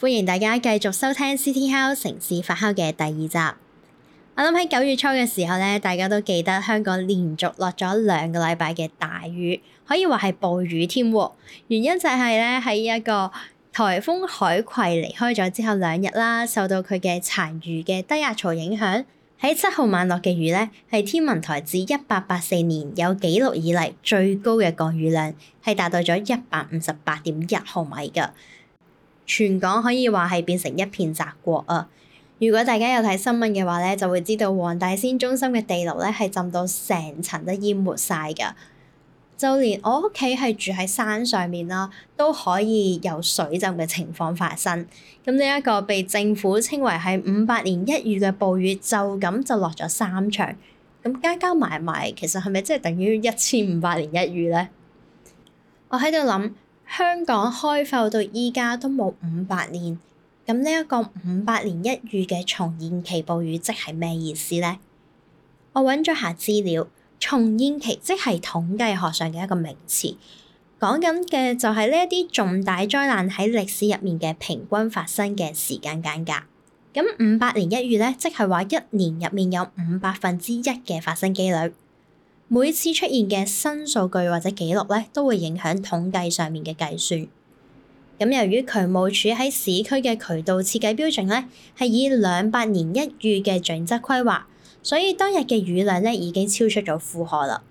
歡迎大家繼續收聽《City How 城市發酵》嘅第二集。我諗喺九月初嘅時候咧，大家都記得香港連續落咗兩個禮拜嘅大雨，可以話係暴雨添。原因就係咧喺一個颱風海葵離開咗之後兩日啦，受到佢嘅殘餘嘅低壓槽影響，喺七號晚落嘅雨咧，係天文台自一八八四年有紀錄以嚟最高嘅降雨量，係達到咗一百五十八點一毫米㗎。全港可以話係變成一片澤國啊！如果大家有睇新聞嘅話咧，就會知道黃大仙中心嘅地牢咧係浸到成層都淹沒晒㗎，就連我屋企係住喺山上面啦，都可以有水浸嘅情況發生。咁呢一個被政府稱為係五百年一遇嘅暴雨，就咁就落咗三場。咁加加埋埋，其實係咪即係等於一千五百年一遇咧？我喺度諗。香港開埠到依家都冇五百年，咁呢一個五百年一遇嘅重現期暴雨即係咩意思咧？我揾咗下資料，重現期即係統計學上嘅一個名詞，講緊嘅就係呢一啲重大災難喺歷史入面嘅平均發生嘅時間間隔。咁五百年一遇咧，即係話一年入面有五百分之一嘅發生機率。每次出現嘅新數據或者記錄咧，都會影響統計上面嘅計算。咁由於渠務處喺市區嘅渠道設計標準咧，係以兩百年一遇嘅準則規劃，所以當日嘅雨量咧已經超出咗負荷啦。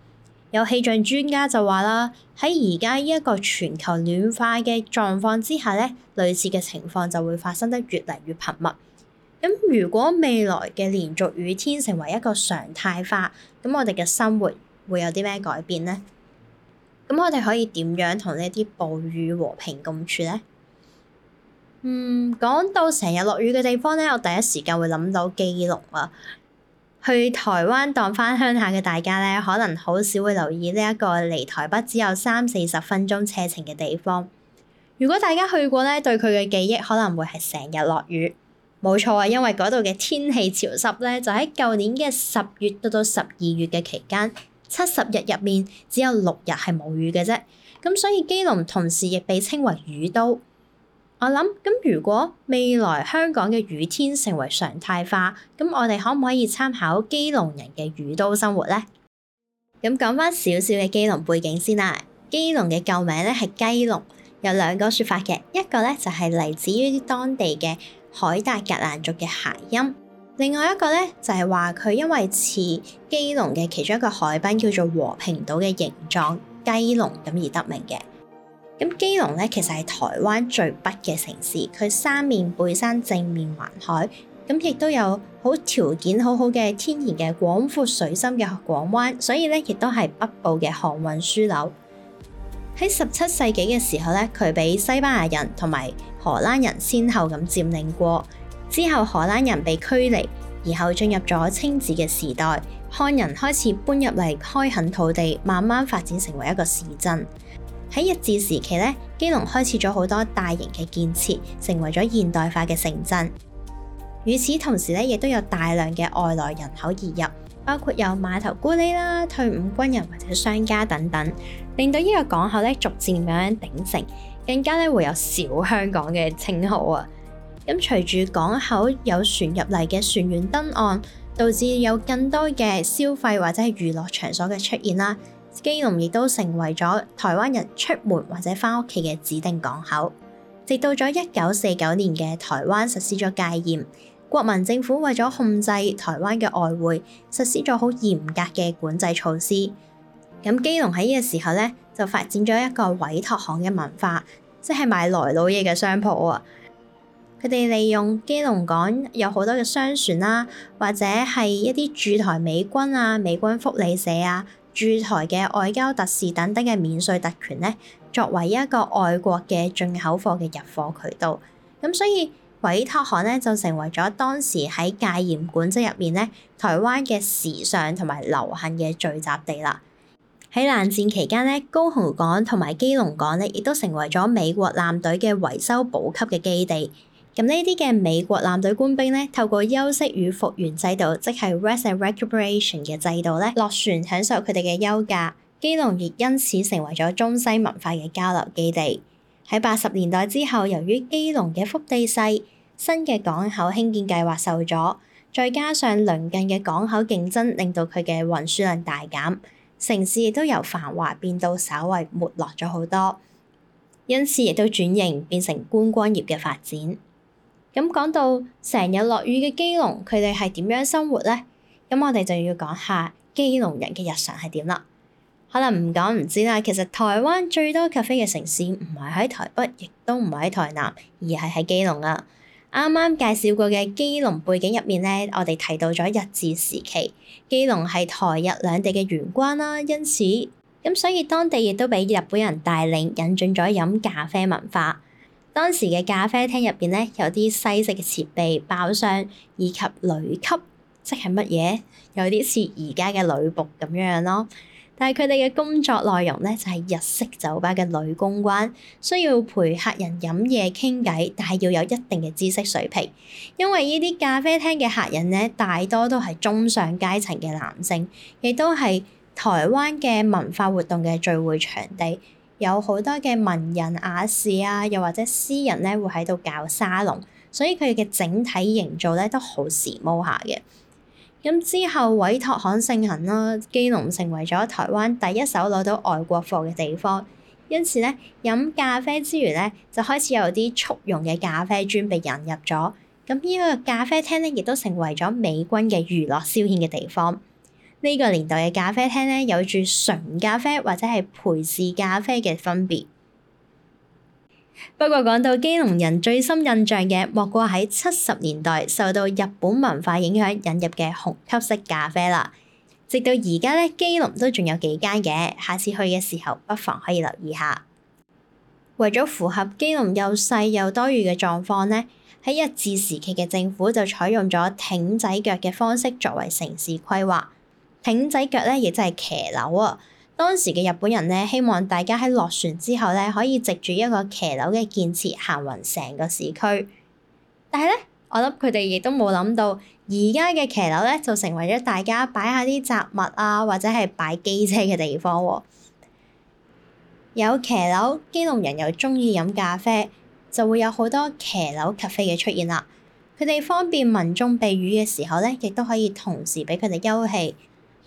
有氣象專家就話啦，喺而家呢一個全球暖化嘅狀況之下咧，類似嘅情況就會發生得越嚟越頻密。咁如果未來嘅連續雨天成為一個常態化，咁我哋嘅生活會有啲咩改變咧？咁我哋可以點樣同呢啲暴雨和平共處咧？嗯，講到成日落雨嘅地方咧，我第一時間會諗到基隆啊。去台灣當翻鄉下嘅大家咧，可能好少會留意呢一個離台北只有三四十分鐘車程嘅地方。如果大家去過咧，對佢嘅記憶可能會係成日落雨。冇錯啊，因為嗰度嘅天氣潮濕咧，就喺舊年嘅十月到到十二月嘅期間，七十日入面只有六日係冇雨嘅啫，咁所以基隆同時亦被稱為雨都。我諗咁，如果未來香港嘅雨天成為常態化，咁我哋可唔可以參考基隆人嘅雨都生活咧？咁講翻少少嘅基隆背景先啦。基隆嘅舊名咧係雞籠，有兩個説法嘅，一個咧就係嚟自於當地嘅海達格蘭族嘅諧音。另外一個咧，就係話佢因為似基隆嘅其中一個海濱叫做和平島嘅形狀，雞籠咁而得名嘅。咁基隆咧，其實係台灣最北嘅城市，佢三面背山，正面環海，咁亦都有好條件好好嘅天然嘅廣闊水深嘅港灣，所以咧亦都係北部嘅航運樞紐。喺十七世紀嘅時候咧，佢俾西班牙人同埋荷蘭人先後咁佔領過。之後荷蘭人被驅離，然後進入咗清治嘅時代，漢人開始搬入嚟開墾土地，慢慢發展成為一個市鎮。喺日治時期咧，基隆開始咗好多大型嘅建設，成為咗現代化嘅城鎮。與此同時咧，亦都有大量嘅外來人口移入，包括有碼頭咕喱呢啦、退伍軍人或者商家等等，令到呢個港口咧逐漸咁樣鼎盛，更加咧會有小香港嘅稱號啊！咁隨住港口有船入嚟嘅船員登岸，導致有更多嘅消費或者係娛樂場所嘅出現啦。基隆亦都成為咗台灣人出門或者翻屋企嘅指定港口。直到咗一九四九年嘅台灣實施咗戒嚴，國民政府為咗控制台灣嘅外匯，實施咗好嚴格嘅管制措施。咁基隆喺呢個時候呢，就發展咗一個委託行嘅文化，即係買來佬嘢嘅商鋪啊。佢哋利用基隆港有好多嘅商船啦，或者係一啲駐台美軍啊、美軍福利社啊、駐台嘅外交特使等等嘅免稅特權咧，作為一個外國嘅進口貨嘅入貨渠道。咁所以委託行咧就成為咗當時喺戒嚴管制入面咧，台灣嘅時尚同埋流行嘅聚集地啦。喺冷戰期間咧，高雄港同埋基隆港咧，亦都成為咗美國艦隊嘅維修補給嘅基地。咁呢啲嘅美國艦隊官兵咧，透過休息與復原制度，即係 rest and recuperation 嘅制度咧，落船享受佢哋嘅休假。基隆亦因此成為咗中西文化嘅交流基地。喺八十年代之後，由於基隆嘅腹地細，新嘅港口興建計劃受阻，再加上鄰近嘅港口競爭，令到佢嘅運輸量大減，城市亦都由繁華變到稍為沒落咗好多。因此亦都轉型變成觀光業嘅發展。咁講到成日落雨嘅基隆，佢哋係點樣生活咧？咁我哋就要講下基隆人嘅日常係點啦。可能唔講唔知啦，其實台灣最多咖啡嘅城市唔係喺台北，亦都唔係喺台南，而係喺基隆啊！啱啱介紹過嘅基隆背景入面咧，我哋提到咗日治時期，基隆係台日兩地嘅玄關啦，因此，咁所以當地亦都俾日本人帶領引進咗飲咖啡文化。當時嘅咖啡廳入邊咧，有啲西式嘅設備、包廂以及女級，即係乜嘢？有啲似而家嘅女僕咁樣咯。但係佢哋嘅工作內容咧，就係日式酒吧嘅女公關，需要陪客人飲嘢傾偈，但係要有一定嘅知識水平，因為呢啲咖啡廳嘅客人咧，大多都係中上階層嘅男性，亦都係台灣嘅文化活動嘅聚會場地。有好多嘅文人雅士啊，又或者詩人咧，會喺度搞沙龍，所以佢哋嘅整體營造咧都好時髦下嘅。咁之後，委託行盛行啦，基隆成為咗台灣第一手攞到外國貨嘅地方，因此咧飲咖啡之餘咧，就開始有啲速溶嘅咖啡磚被引入咗。咁呢個咖啡廳咧，亦都成為咗美軍嘅娛樂消遣嘅地方。呢個年代嘅咖啡廳咧，有住純咖啡或者係陪侍咖啡嘅分別。不過，講到基隆人最深印象嘅，莫過喺七十年代受到日本文化影響引入嘅虹吸式咖啡啦。直到而家咧，基隆都仲有幾間嘅，下次去嘅時候不妨可以留意下。為咗符合基隆又細又多雨嘅狀況呢，喺日治時期嘅政府就採用咗亭仔腳嘅方式作為城市規劃。艇仔腳咧，亦就係騎樓啊！當時嘅日本人咧，希望大家喺落船之後咧，可以藉住一個騎樓嘅建設行勻成個市區。但係咧，我諗佢哋亦都冇諗到，而家嘅騎樓咧就成為咗大家擺下啲雜物啊，或者係擺機車嘅地方喎。有騎樓，基隆人又鍾意飲咖啡，就會有好多騎樓咖啡嘅出現啦。佢哋方便民眾避雨嘅時候咧，亦都可以同時俾佢哋休憩。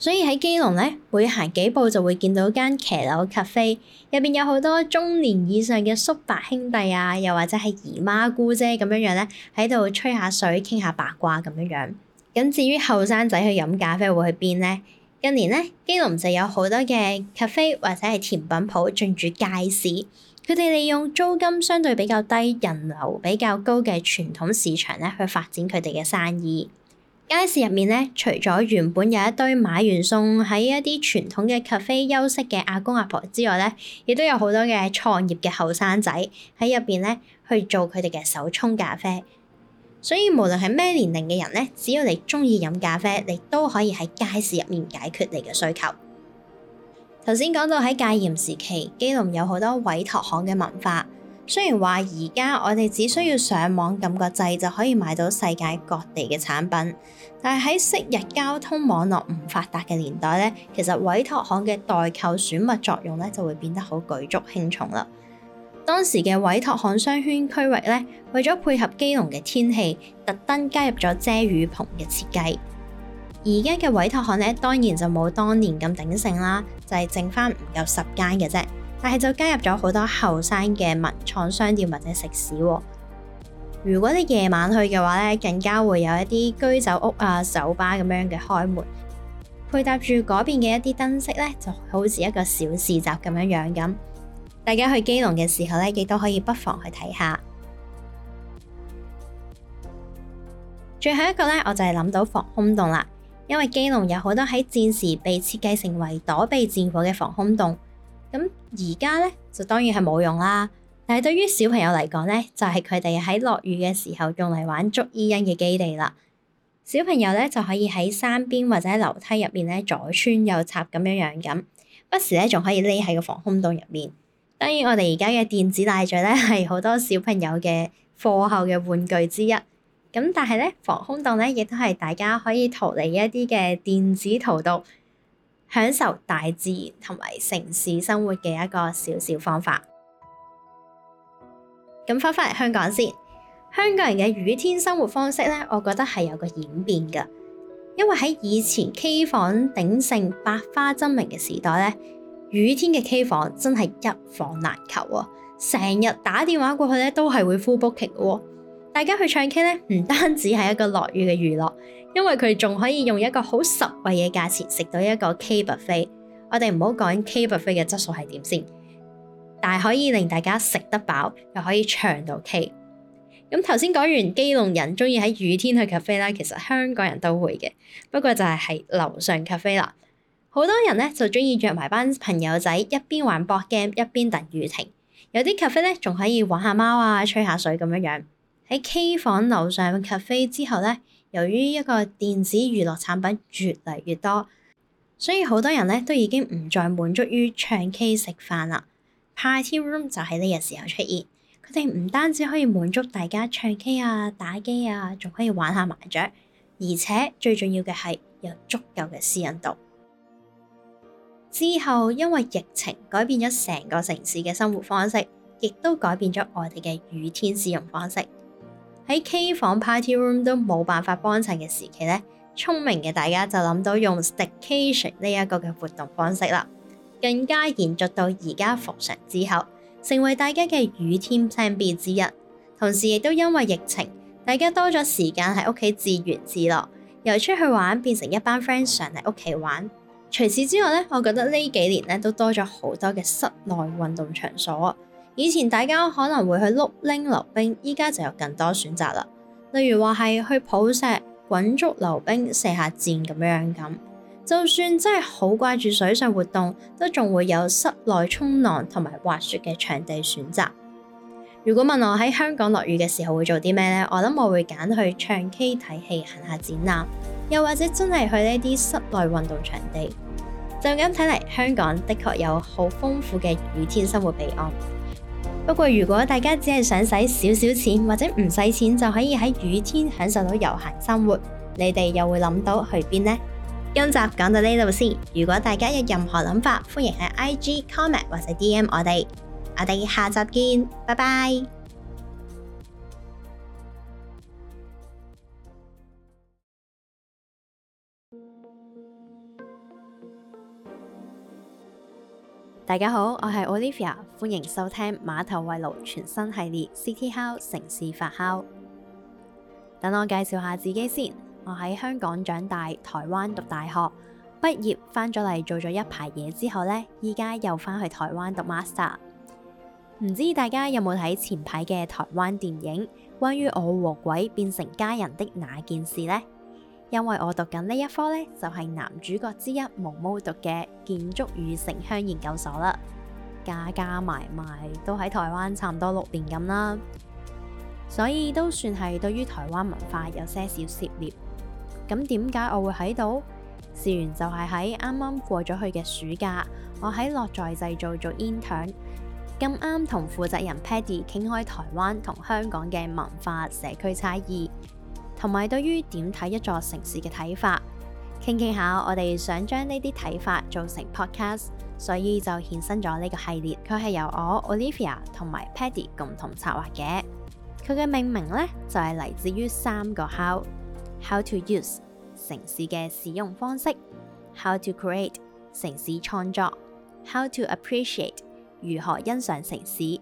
所以喺基隆咧，每行幾步就會見到間騎樓 cafe，入邊有好多中年以上嘅叔伯兄弟啊，又或者係姨媽姑姐咁樣樣咧，喺度吹下水、傾下八卦咁樣樣。咁至於後生仔去飲咖啡會去邊咧？近年咧，基隆就有好多嘅 cafe 或者係甜品鋪進駐街市，佢哋利用租金相對比較低、人流比較高嘅傳統市場咧，去發展佢哋嘅生意。街市入面咧，除咗原本有一堆買完餸喺一啲傳統嘅咖啡休息嘅阿公阿婆之外咧，亦都有好多嘅創業嘅後生仔喺入邊咧去做佢哋嘅手沖咖啡。所以無論係咩年齡嘅人咧，只要你鍾意飲咖啡，你都可以喺街市入面解決你嘅需求。頭先講到喺戒嚴時期，基隆有好多委託行嘅文化。雖然話而家我哋只需要上網撳個掣就可以買到世界各地嘅產品，但係喺昔日交通網絡唔發達嘅年代呢，其實委託行嘅代購選物作用呢就會變得好舉足輕重啦。當時嘅委託行商圈區域呢，為咗配合基隆嘅天氣，特登加入咗遮雨棚嘅設計。而家嘅委託行呢，當然就冇當年咁鼎盛啦，就係剩翻唔夠十間嘅啫。但係就加入咗好多後生嘅文創商店或者食肆。如果你夜晚去嘅話咧，更加會有一啲居酒屋啊、酒吧咁樣嘅開門，配搭住嗰邊嘅一啲燈飾咧，就好似一個小市集咁樣樣咁。大家去基隆嘅時候咧，亦都可以不妨去睇下。最後一個咧，我就係諗到防空洞啦，因為基隆有好多喺戰時被設計成為躲避戰火嘅防空洞。咁而家咧就當然係冇用啦，但係對於小朋友嚟講咧，就係佢哋喺落雨嘅時候用嚟玩捉伊人嘅基地啦。小朋友咧就可以喺山邊或者樓梯入面咧，左穿右插咁樣樣咁，不時咧仲可以匿喺個防空洞入面。當然，我哋而家嘅電子奶嘴咧係好多小朋友嘅課後嘅玩具之一。咁但係咧，防空洞咧亦都係大家可以逃離一啲嘅電子荼毒享受大自然同埋城市生活嘅一個小小方法。咁翻返嚟香港先，香港人嘅雨天生活方式咧，我覺得係有個演變㗎。因為喺以前 K 房鼎盛，盛、百花爭鳴嘅時代咧，雨天嘅 K 房真係一房難求啊！成日打電話過去咧，都係會 full booking 嘅喎。大家去唱 K 咧，唔單止係一個落雨嘅娛樂。因為佢仲可以用一個好實惠嘅價錢食到一個 K buffet。我哋唔好講 K buffet 嘅質素係點先，但係可以令大家食得飽，又可以唱到 k。咁頭先講完基隆人中意喺雨天去 cafe 咧，其實香港人都會嘅，不過就係喺樓上 cafe 啦。好多人咧就中意約埋班朋友仔一邊玩 board game 一邊等雨停，有啲 cafe 咧仲可以玩下貓啊，吹下水咁樣樣喺 k 房樓上 cafe 之後咧。由於一個電子娛樂產品越嚟越多，所以好多人咧都已經唔再滿足於唱 K 食飯啦。Party Room 就喺呢個時候出現，佢哋唔單止可以滿足大家唱 K 啊、打機啊，仲可以玩下麻雀，而且最重要嘅係有足夠嘅私隱度。之後因為疫情改變咗成個城市嘅生活方式，亦都改變咗我哋嘅雨天使用方式。喺 K 房 party room 都冇辦法幫襯嘅時期呢聰明嘅大家就諗到用 staycation 呢一個嘅活動方式啦，更加延續到而家復常之後，成為大家嘅雨天 plan B 之一。同時亦都因為疫情，大家多咗時間喺屋企自娛自樂，由出去玩變成一班 friend 常嚟屋企玩。除此之外呢我覺得呢幾年咧都多咗好多嘅室內運動場所。以前大家可能會去碌拎溜冰，依家就有更多選擇啦。例如話係去抱石、滾軸溜冰、射下箭咁樣咁。就算真係好掛住水上活動，都仲會有室內沖浪同埋滑雪嘅場地選擇。如果問我喺香港落雨嘅時候會做啲咩呢？我諗我會揀去唱 K、睇戲、行下展覽，又或者真係去呢啲室內運動場地。就咁睇嚟，香港的確有好豐富嘅雨天生活備案。不過如果大家只係想使少少錢或者唔使錢就可以喺雨天享受到悠閒生活，你哋又會諗到去邊呢？今集講到呢度先。如果大家有任何諗法，歡迎喺 IG comment 或者 DM 我哋。我哋下集見，拜拜。大家好，我係 Olivia，歡迎收聽《馬頭圍爐》全新系列《City How 城市發酵》。等我介紹下自己先，我喺香港長大，台灣讀大學，畢業翻咗嚟做咗一排嘢之後呢，依家又翻去台灣讀 Master。唔知大家有冇睇前排嘅台灣電影？關於我和鬼變成家人的那件事呢？因為我讀緊呢一科呢，就係、是、男主角之一毛毛讀嘅建築與城鄉研究所啦。加加埋埋都喺台灣差唔多六年咁啦，所以都算係對於台灣文化有些少涉獵。咁點解我會喺度？事緣就係喺啱啱過咗去嘅暑假，我喺樂在製造做 intern，咁啱同負責人 Paddy 傾開台灣同香港嘅文化社區差異。同埋對於點睇一座城市嘅睇法，傾傾下，我哋想將呢啲睇法做成 podcast，所以就衍生咗呢個系列。佢係由我 Olivia 同埋 Paddy 共同策劃嘅。佢嘅命名呢，就係嚟自於三個 how：how to use 城市嘅使用方式，how to create 城市創作，how to appreciate 如何欣賞城市。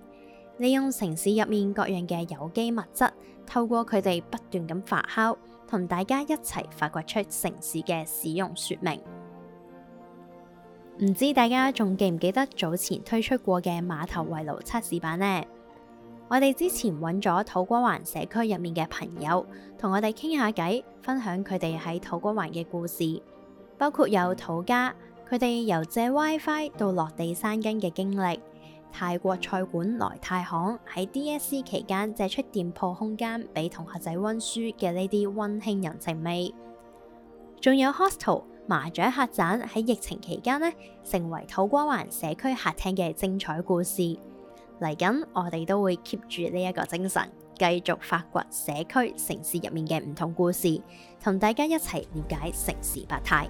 利用城市入面各樣嘅有機物質，透過佢哋不斷咁發酵，同大家一齊發掘出城市嘅使用說明。唔知大家仲記唔記得早前推出過嘅馬頭圍爐測試版呢？我哋之前揾咗土瓜灣社區入面嘅朋友，同我哋傾下偈，分享佢哋喺土瓜灣嘅故事，包括有土家佢哋由借 WiFi 到落地生根嘅經歷。泰國菜館來泰行喺 DSC 期間借出店鋪空間俾同學仔溫書嘅，呢啲溫馨人情味，仲有 hostel 麻雀客棧喺疫情期間呢，成為土瓜灣社區客廳嘅精彩故事。嚟緊我哋都會 keep 住呢一個精神，繼續發掘社區城市入面嘅唔同故事，同大家一齊了解城市百態。